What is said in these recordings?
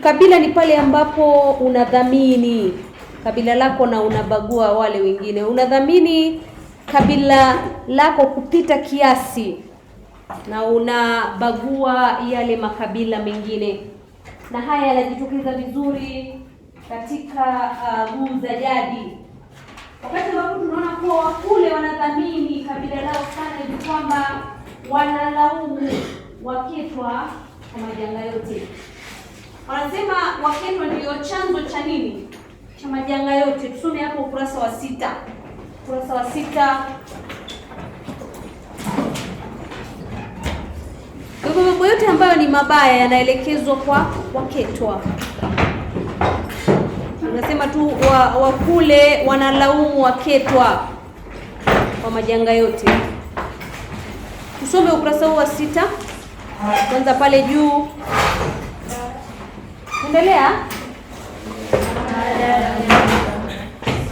kabila ni pale ambapo unadhamini kabila lako na unabagua wale wengine, unadhamini kabila lako kupita kiasi na unabagua yale makabila mengine, na haya yanajitokeza vizuri katika nguu uh, za jadi, wakati ambapo tunaona kuwa wakule wanadhamini kabila lao sana ni kwamba wanalaumu wakitwa kwa majanga yote. Wanasema Wakenya ndio chanzo cha nini, cha majanga yote. Tusome hapo ukurasa wa sita, ukurasa wa sita hivyo mambo yote ambayo ni mabaya yanaelekezwa kwa Waketwa. Unasema tu wakule wa wanalaumu Waketwa kwa majanga yote. Tusome ukurasa huu wa sita kwanza pale juu. Endelea.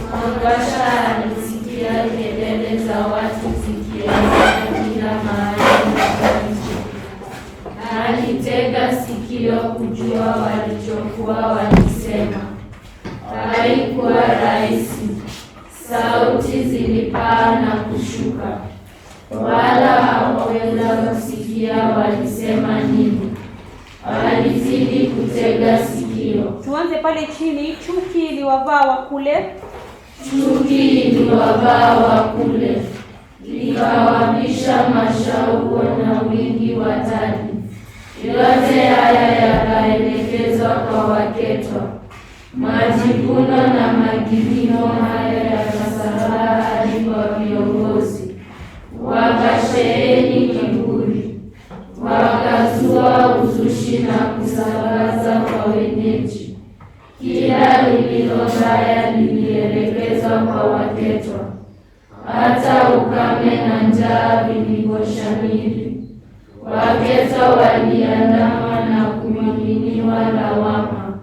Mwangasha alisikia kelele za watu zikielekea kila mahali nchi. Alitega sikio kujua walichokuwa Pili, chuki iliwavaa wakule, chuki iliwavaa kule, likawabisha mashauko na wingi wa tani. Yote haya yakaelekezwa kwa Waketwa. Majivuno na magilimo haya yakasambaa hadi kwa viongozi baya lilielekezwa kwa waketwa, hata ukame na njaa vilivyoshamiri. Waketwa waliandama na kumiminiwa lawama.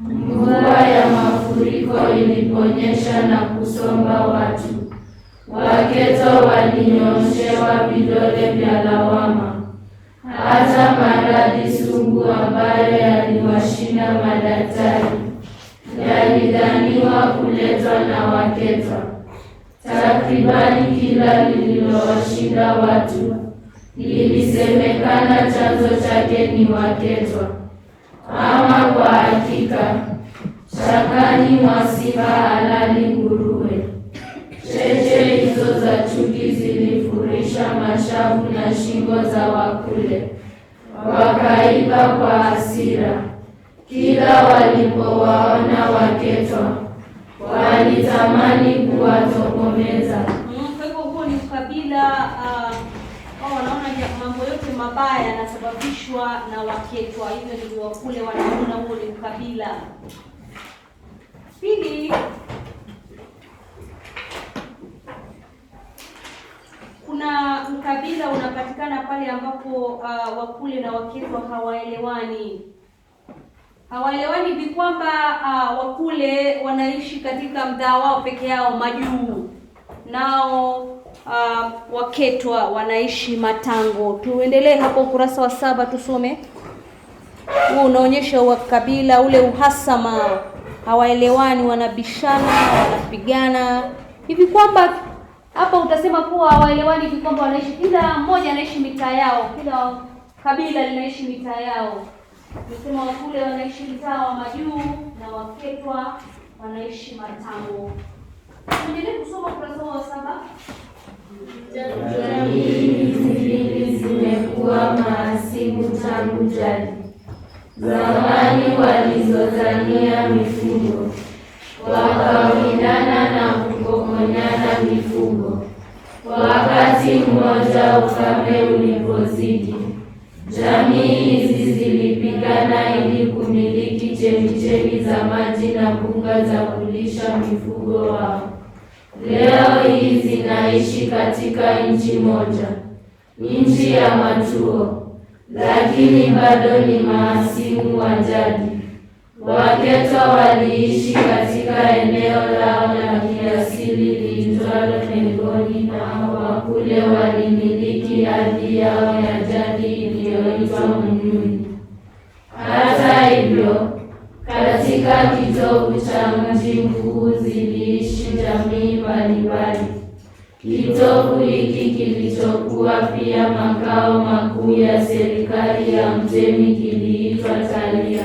Mvua ya mafuriko iliponyesha na kusomba watu, waketwa walinyoshewa vidole vya lawama. Hata maradhi sugu ambayo yaliwashinda madaktari yalidhaniwa kuletwa na Waketwa. Takribani kila lililowashinda watu lilisemekana chanzo chake ni Waketwa. Ama kwa hakika shakani mwa sifa halali nguruwe. Cheche hizo za chuki zilifurisha mashavu na shingo za wakule, wakaiba kwa hasira kila walipowaona waketwa, walitamani kuwatokomeza. Kwa hivyo huo ni ukabila uh, wanaona mambo yote mabaya yanasababishwa na waketwa, hivyo ndio wakule wanaona huo ni ukabila. Pili, kuna ukabila unapatikana pale ambapo uh, wakule na waketwa hawaelewani hawaelewani vi kwamba uh, Wakule wanaishi katika mtaa wao peke yao Majuu, nao uh, Waketwa wanaishi Matango. Tuendelee hapo ukurasa wa saba, tusome huu unaonyesha wakabila ule uhasama, hawaelewani, wanabishana, wanapigana hivi kwamba hapa utasema kuwa hawaelewani hivi kwamba wanaishi, kila mmoja anaishi mitaa yao, kila kabila linaishi mitaa yao. Nasema Wakule wanaishi mtaa wa Majuu na Waketwa wanaishi Matango. Tuendelee kusoma ukurasa wa saba. zimekuwa mahasimu tangu jadi. Zamani walizozania mifugo, wakawindana na kukokonyana mifugo. Wakati mmoja ukame ulipozidi Jamii hizi zilipigana ili kumiliki chemichemi za maji na mbuga za kulisha mifugo wao. Leo hii zinaishi katika nchi moja, nchi ya machuo lakini bado ni mahasimu wa jadi. Waketo waliishi katika eneo lao la kiasili liitwalo Mengoni, na wakule walimiliki ardhi yao ya ambazo Hata hivyo, katika kitovu cha mji mkuu ziliishi jamii mbalimbali. Kitovu hiki kilichokuwa pia makao makuu ya serikali ya Mjemi kiliitwa Talia.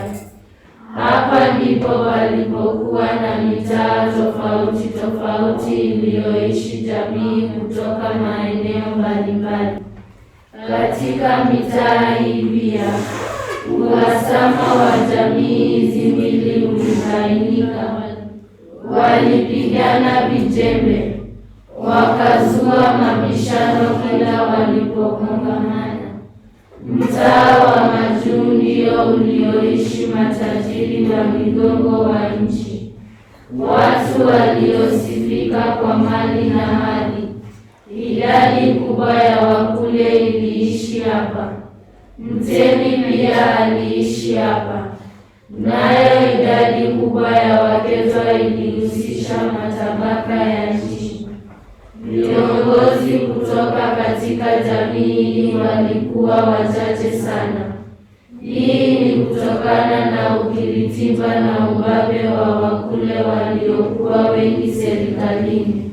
Hapa ndipo palipokuwa na mitaa tofauti tofauti iliyoishi jamii kutoka maeneo mbalimbali katika mitaa hii ya Uhasama wa jamii hizi mbili ulibainika. Walipigana vijembe, wakazua mabishano kila walipokongamana. Mtaa wa Majuu ndio ulioishi matajiri na migongo wa nchi, watu waliosifika kwa mali na hali Idadi kubwa ya Wakule iliishi hapa. Mtemi pia aliishi hapa, nayo idadi kubwa ya Wakezwa ilihusisha matabaka ya nchi. Viongozi kutoka katika jamii hii walikuwa wachache sana. Hii ni kutokana na ukiritimba na ubabe wa Wakule waliokuwa wengi serikalini.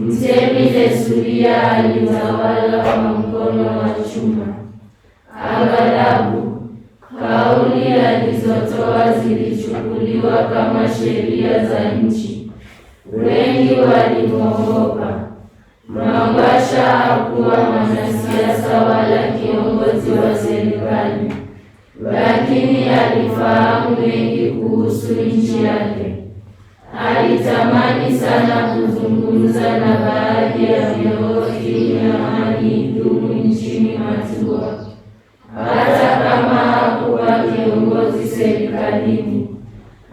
Mtemi Thesulia alitawala kwa mkono wa chuma. Aghalabu kauli alizotoa zilichukuliwa kama sheria za nchi, wengi walimwogopa. Mangwasha hakuwa mwanasiasa wala kiongozi wa serikali, lakini alifahamu mengi kuhusu nchi yake alitamani sana kuzungumza na baadhi ya viongozi dumu nchini matua hata kama hakuwa kiongozi serikalini.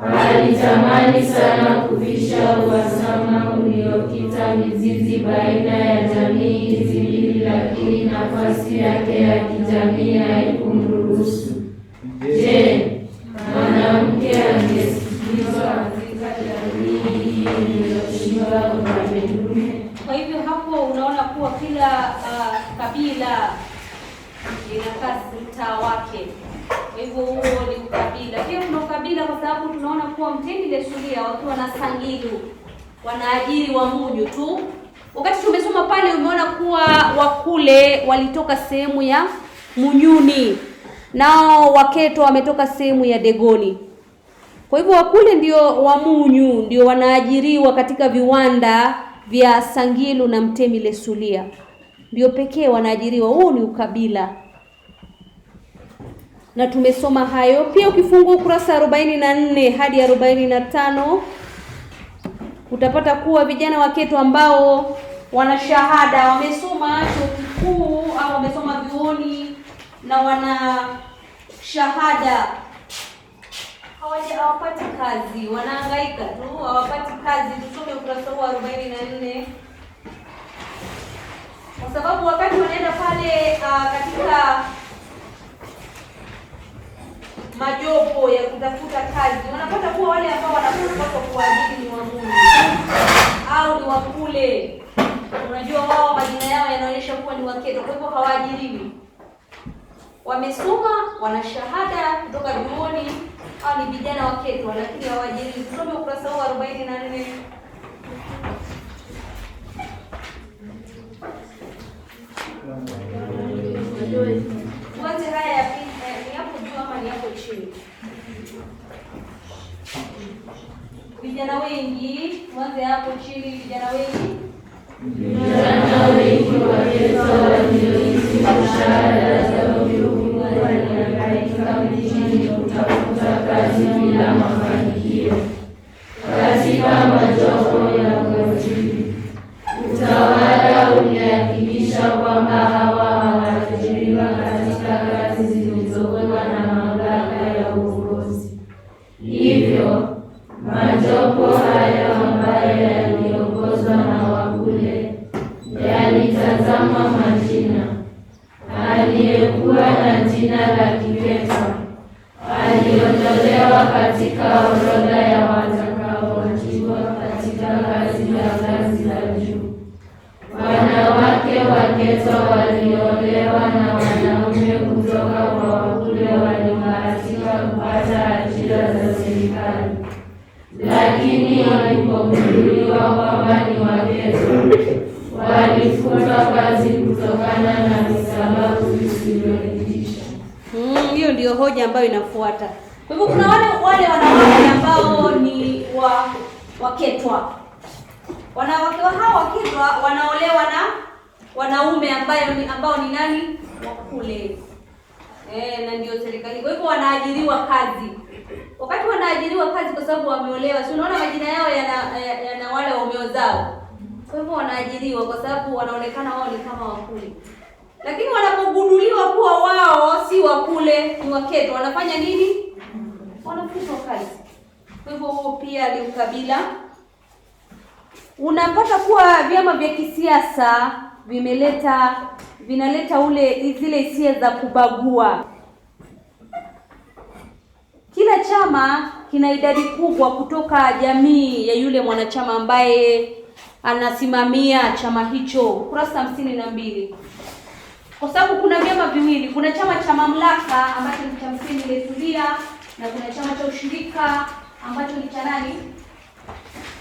Alitamani sana kuvisha uhasama uliokita mizizi baina ya jamii hizi mbili, lakini nafasi yake ya kijamii haikumruhusu. wakiwa na Sangilu wanaajiri wa Munyu tu. Wakati tumesoma pale, umeona kuwa Wakule walitoka sehemu ya Munyuni, nao Waketo wametoka sehemu ya Degoni. Kwa hivyo Wakule ndio wa Munyu ndio wanaajiriwa katika viwanda vya Sangilu na Mtemi Lesulia, ndio pekee wanaajiriwa. Huu ni ukabila na tumesoma hayo pia. Ukifungua ukurasa 44 hadi 45 utapata kuwa vijana waketo ambao wana shahada wamesoma chuo kikuu au wamesoma vyuoni na wana shahada hawapati kazi, wanahangaika tu, hawapati kazi. Tusome ukurasa huu 44. majopo ya kutafuta kazi, wanapata kuwa wale ambao wanapaswa kuajiri ni wamuni au ni wakule. Unajua wao majina yao yanaonyesha kuwa ni Waketo, kwa hivyo hawaajiriwi. Wamesoma, wana shahada kutoka vyuoni au ni vijana waketo lakini hawaajiriwi. Tusome ukurasa huu arobaini na nne chini. Vijana wengi mwanze hapo chini, vijana wengi, vijana wengi wakihesabu walioishi mshahara zao, viungo wanaiaika mjini kutafuta kazi bila lakini walipogunduliwa kwamba ni Waketo walifuta kazi kutokana na visababu visivyoridhisha. Mm, hiyo mm, ndiyo hoja ambayo inafuata. Kwa hivyo kuna wale wale wanawake ambao ni wa Waketwa. Wanawake hao Waketwa wanaolewa na wanaume ambayo ni ambao ni nani wakule, eh, na ndio serikali. Kwa hivyo wanaajiriwa kazi wakati wanaajiriwa kazi, kwa sababu wameolewa, si unaona majina yao yana eh, yana wale waume zao, kwa hivyo wanaajiriwa kwa sababu wanaonekana wao ni kama wakule lakini wanapogunduliwa kuwa wao si wakule, ni waketo, wanafanya nini? Wanafutwa kazi. Kwa hivyo huo pia ni ukabila. Unapata kuwa vyama vya kisiasa vimeleta vinaleta ule zile hisia za kubagua. Kila chama kina idadi kubwa kutoka jamii ya yule mwanachama ambaye anasimamia chama hicho, ukurasa hamsini na mbili kwa sababu kuna vyama viwili, kuna chama cha mamlaka ambacho ni cha msingi Letulia, na kuna chama cha ushirika ambacho ni cha nani,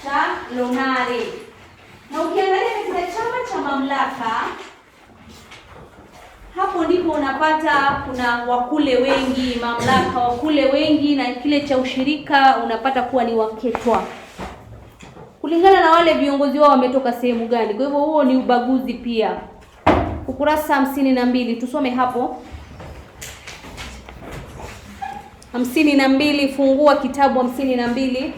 cha Lonare. Na ukiangalia katika chama cha mamlaka hapo ndipo unapata kuna wakule wengi, mamlaka wakule wengi, na kile cha ushirika unapata kuwa ni waketwa kulingana na wale viongozi wao wametoka sehemu gani. Kwa hivyo huo ni ubaguzi pia. Ukurasa hamsini na mbili tusome hapo hamsini na mbili fungua kitabu hamsini na mbili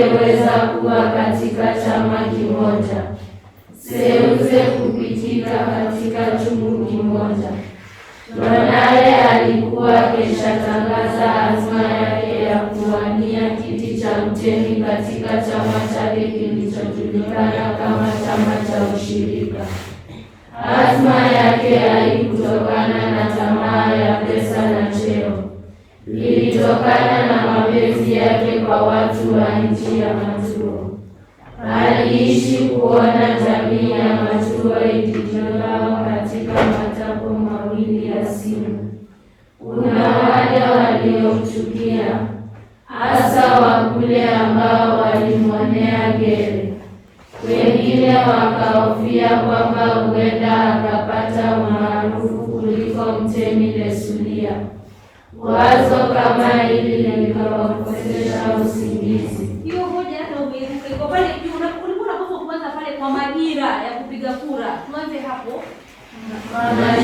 wangeweza kuwa katika chama kimoja, seuze kupitika katika chungu kimoja. Mwanaye alikuwa keshatangaza azma yake ya kuwania kiti cha mteni katika chama chake kilichojulikana kama chama cha ushirika. Azma yake haikutokana na tamaa ya pesa na ilitokana na mapenzi yake kwa watu wa nchi ya Maturo. Aliishi kuona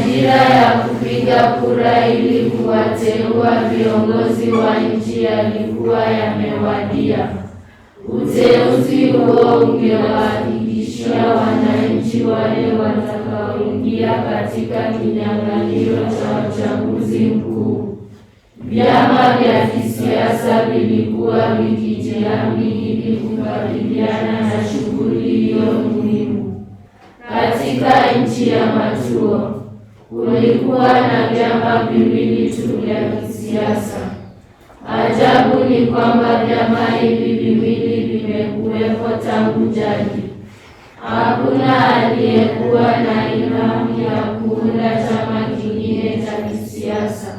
ajira ya kupiga kura ili kuwateua viongozi wa nchi yalikuwa yamewadia. Uteuzi huo ungewahakikishia wananchi wale watakaoingia katika kinyang'anyiro cha uchaguzi mkuu. Vyama vya kisiasa vilikuwa vikijiami ili kukabiliana na shughuli hiyo muhimu katika nchi ya Matuo kulikuwa na vyama viwili tu vya kisiasa. Ajabu ni kwamba vyama hivi viwili vimekuwepo tangu jadi. Hakuna aliyekuwa na imamu ya kuunda chama kingine cha kisiasa.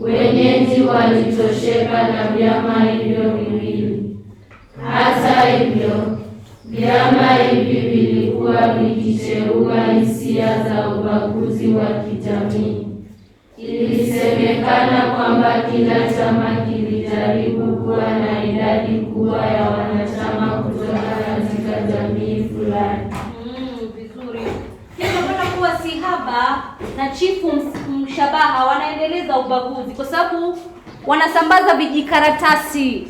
Wenyeji walitosheka na vyama hivyo viwili. Hata hivyo Vyama hivi vilikuwa vikicheua hisia za ubaguzi wa kijamii. Ilisemekana kwamba kila chama kilijaribu kuwa na idadi kubwa ya wanachama kutoka katika jamii fulani. Mm, na Chifu Mshabaha wanaendeleza ubaguzi kwa sababu wanasambaza vijikaratasi.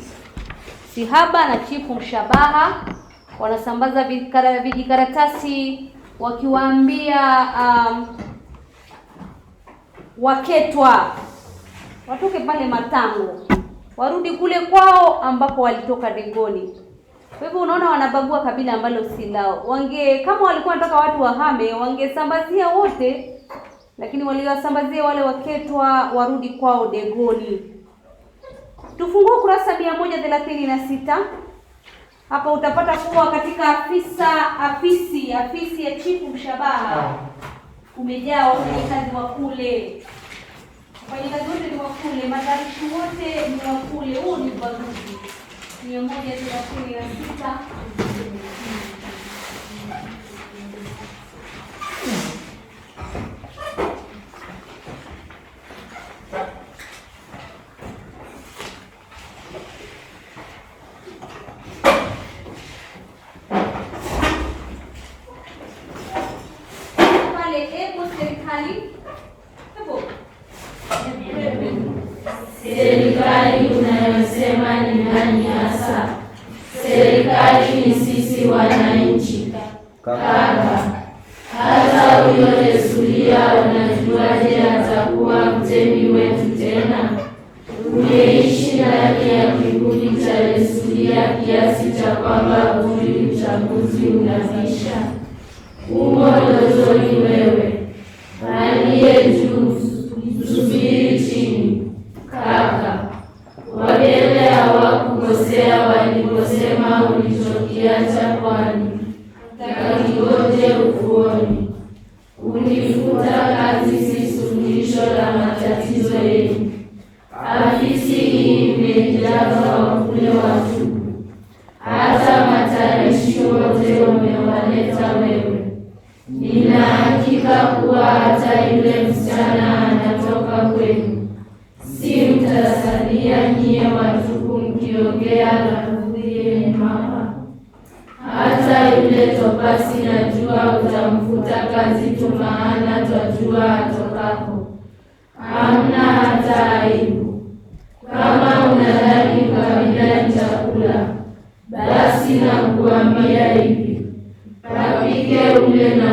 Sihaba na Chifu Mshabaha wanasambaza vijikaratasi wakiwaambia um, waketwa watoke pale Matango warudi kule kwao ambapo walitoka Dengoni. Kwa hivyo unaona, wanabagua kabila ambalo si lao. Wange kama walikuwa wanataka watu wahame, wangesambazia wote, lakini waliwasambazia wale waketwa warudi kwao Dengoni. Tufungue kurasa mia moja thelathini na sita. Hapa utapata kuwa katika afisa afisi afisi ya chifu mshabaha kumejaa wafanyakazi wa kule, wafanyakazi wote ni wa kule, madarishi wote ni wa kule. Huu ni ubaguzi mia moja thelathini na sita. yake ya kivuli cha Yesulia kiasi cha kwamba uli uchaguzi unazisha umbo lozoni wewe unaleta wewe. Nina hakika kuwa hata yule msichana anatoka kwenu. Si mtasalia nyie watupu mkiongea lafudhi yenye mama? Hata yule topasi najua utamfuta kazi tu, maana twajua atokako Hamna hata aibu. Kama unadhani kawaida ni chakula, basi nakuambia hivi ¿no?